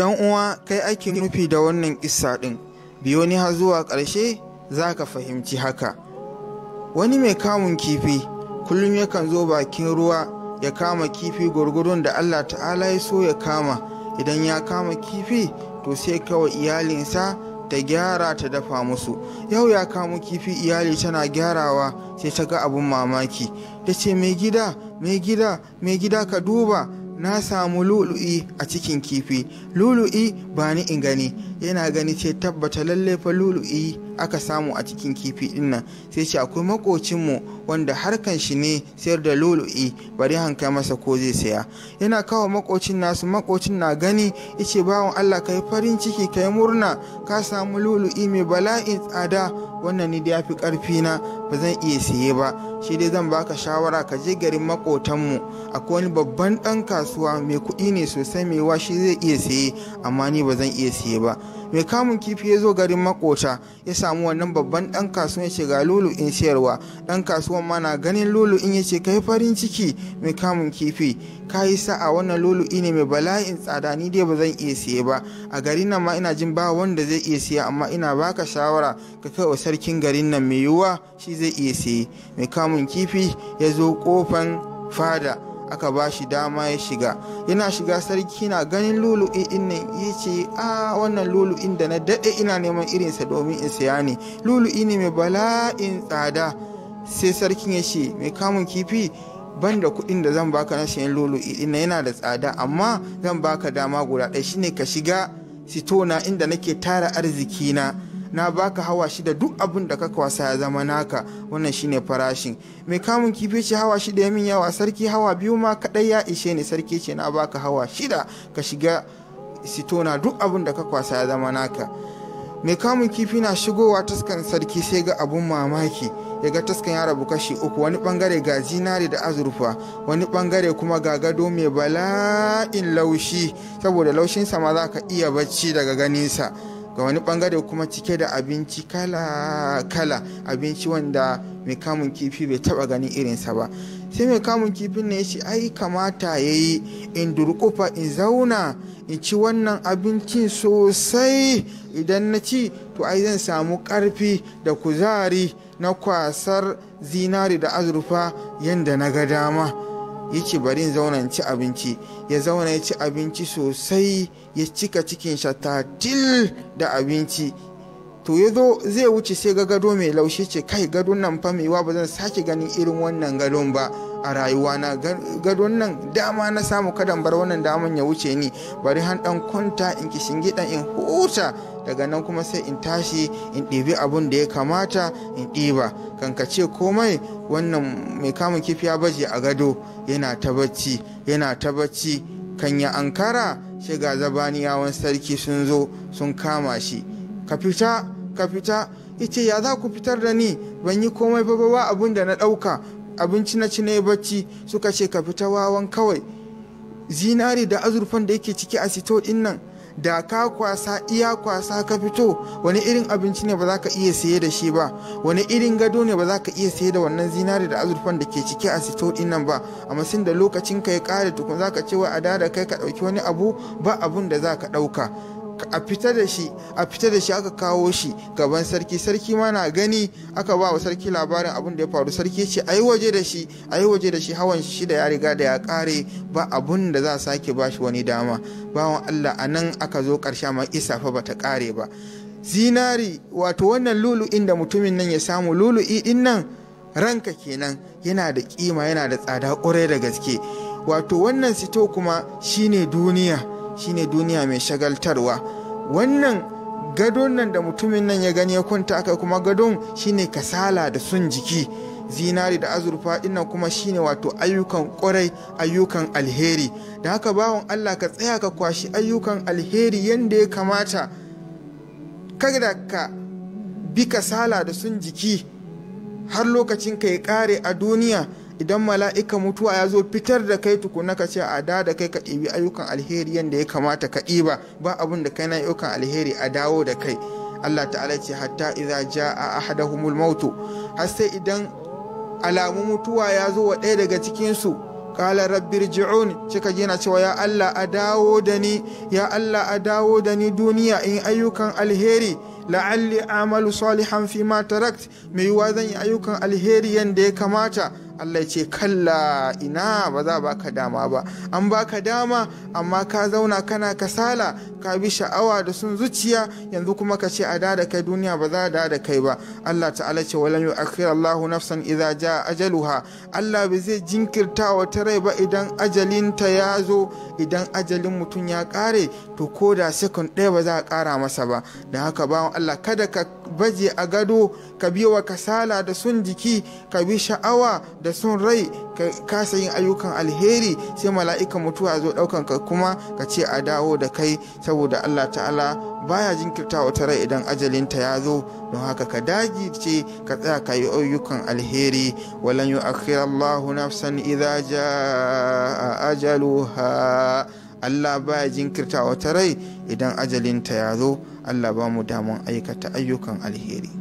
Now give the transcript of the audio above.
Dan uwa kai ake nufi da wannan kissa ɗin, biyo ni har zuwa ƙarshe za ka fahimci haka. Wani mai kamun kifi kullum yakan zo bakin ruwa ya kama kifi gwargwadon da Allah ta'ala ya so ya kama, idan ya kama kifi to sai kawai iyalinsa ta gyara ta dafa musu. Yau ya kama kifi iyali tana gyarawa sai ta ga abun mamaki. Ta ce mai gida, mai gida, mai gida ka duba na samu lulu'i a cikin kifi lulu'i ba ni in gani yana gani ce tabbata lalle fa lulu'i aka samu a cikin kifi dinnan sai ce akwai makocinmu wanda harkan shi ne sayar da lulu'i bari hanka masa ko zai saya yana kawo makocin nasu makocin na gani yace bawan Allah kai farin ciki kai murna ka samu lulu'i mai bala'in tsada wannan ni da ya fi ƙarfina na ba zan iya siye ba shi dai zan baka shawara ka je garin mu akwai wani babban ɗan kasuwa mai kuɗi ne sosai mai wa shi zai iya siye amma ni ba zan iya siye ba mai kamun kifi ya zo garin makota ya samu wannan babban ɗan kasuwa ya ce ga in siyarwa ɗan kasuwan ma na ganin lulu in ya ce kai farin ciki mai kamun kifi ka yi a wannan lulu'i ne mai bala'in tsada ni dai ba zan iya siye ba a garin nan ma ina jin ba wanda zai iya siya amma ina baka shawara ka kai wa sarkin garin nan mai yiwuwa shi zai iya siye mai kamun kifi ya zo kofan fada aka ba shi dama ya shiga yana shiga sarki na ganin lulu'i din nan ya ce a wannan lulu'in da na daɗe ina neman irinsa domin in siya ne lulu'i ne mai bala'in tsada sai sarkin ya ce mai kamun kifi ban da kuɗin da zan baka na sayan lolo ina yana da tsada amma zan baka dama guda ɗaya shine ka shiga sitona inda nake tara arziki na na baka hawa shi da duk abin da kaka wasa ya zama naka wannan shine farashin mai kamun kifi ce hawa shida ya min yawa sarki hawa biyu ma kaɗai ya ishe ni sarki ce na baka hawa shida ka shiga sitona duk abin da kaka wasa ya zama naka mai kamun kifi na shigowa taskan sarki sai ga abun mamaki ya ga taskan ya rabu kashi uku wani bangare ga zinare da azurfa wani bangare kuma ga gado mai bala'in laushi saboda laushinsa ma za ka iya bacci daga ganinsa ga wani bangare kuma cike da abinci kala-kala abinci wanda mai kamun kifi bai taba ganin irinsa ba sai mai kamun kifin ne shi ai kamata ya yi in durkufa in zauna in ci wannan abincin sosai idan na ci to ai zan samu karfi da kuzari na kwasar zinari da azurfa yadda na ga dama ya ce bari in ci abinci ya zauna ya ci abinci sosai ya cika cikin shatatil da abinci to ya zo zai wuce sai ga gado mai laushi ce kai gadon nan fa mai ba zan sake ganin irin wannan gadon ba a rayuwa na gadon nan dama na samu kadan bar wannan daman ya wuce ni bari han dan kwanta in kishingidan in huta daga nan kuma sai in tashi in ɗebi abun da ya kamata in ɗiba kankace komai wannan mai kama kifi ya baje a gado yana ta bacci yana ta bacci kan ya ankara shiga zabaniyawan sarki sun zo sun kama shi ka fita ka fita yace ya za ku fitar da ni ban yi komai ba ba abin da na dauka abinci na ci ne bacci suka ce ka fita wawan kawai zinari da azurfan da yake ciki a sito din nan da ka kwasa iya kwasa ka fito wani irin abinci ne ba za ka iya saye da shi ba wani irin gado ne ba za ka iya saye da wannan zinari da azurfan da ke ciki a sito din nan ba amma sin da lokacin ka ya kare tukun za ka ce wa a da kai ka dauki wani abu ba abun da za ka dauka. a fita da shi a fita da shi aka kawo shi gaban sarki sarki ma na gani aka ba wa sarki labarin abin da ya faru sarki ce ayi waje da shi ayi waje da shi hawan shi da ya riga da ya kare ba abun da za a sake ba shi wani dama bawan Allah a nan aka zo karshe ma isa fa bata kare ba zinari wato wannan lulu'in da mutumin nan ya samu lulu'i din nan ranka kenan yana da kima yana da tsada ƙwarai da gaske wato wannan sito kuma shine duniya shine duniya mai shagaltarwa wannan gadon nan da mutumin nan ya gani ya kwanta aka kuma gadon shine kasala da sun jiki zinari da azurfa dinnan kuma shine wato ayyukan kwarai ayyukan alheri da haka bawan Allah ka tsaya ka kwashi ayyukan alheri yadda ya kamata kada ka bi kasala da sun jiki har lokacin ka ya kare a duniya idan mala'ika mutuwa ya zo fitar da kai tukuna ka ce a da da kai ka ɗibi ayyukan alheri yadda ya kamata ka ɗiba ba abin da kai na ayyukan alheri a dawo da kai Allah ta'ala ce hatta idza jaa ahaduhumul mautu har sai idan alamu mutuwa ya zo wa ɗaya daga cikin su qala rabbir ji'un cika gina cewa ya Allah a dawo da ni ya Allah a dawo da ni duniya in ayyukan alheri la'alli a'malu salihan fi ma tarakt mai yiwa zan yi ayyukan alheri yadda ya kamata Allah ya ce kalla ina ba za baka dama ba an baka dama amma ka zauna kana kasala ka bi sha'awa da sun zuciya yanzu kuma ka ce a da da kai duniya ba za da da kai ba Allah ta'ala ce walan yu'akhir Allahu nafsan idza jaa ajaluha Allah bai zai jinkirta ta rai ba idan ajalinta ya zo idan ajalin mutum ya kare to ko da second ɗaya ba za a kara masa ba da haka bawan Allah kada ka baje a gado ka bi wa kasala da sun jiki ka bi sha'awa da sun rai ka kasa yin ayyukan alheri sai mala'ika mutuwa zo daukan ka kuma ka ce a dawo da kai saboda Allah ta'ala baya jinkirta wata rai idan ajalin ta ya zo don haka ka dagi ce ka tsaya ka yi ayyukan alheri walan yu'akhirallahu nafsan idza jaa ajaluha Allah baya jinkirta wata rai idan ajalinta ya zo Allah ba mu daman aikata ayyukan alheri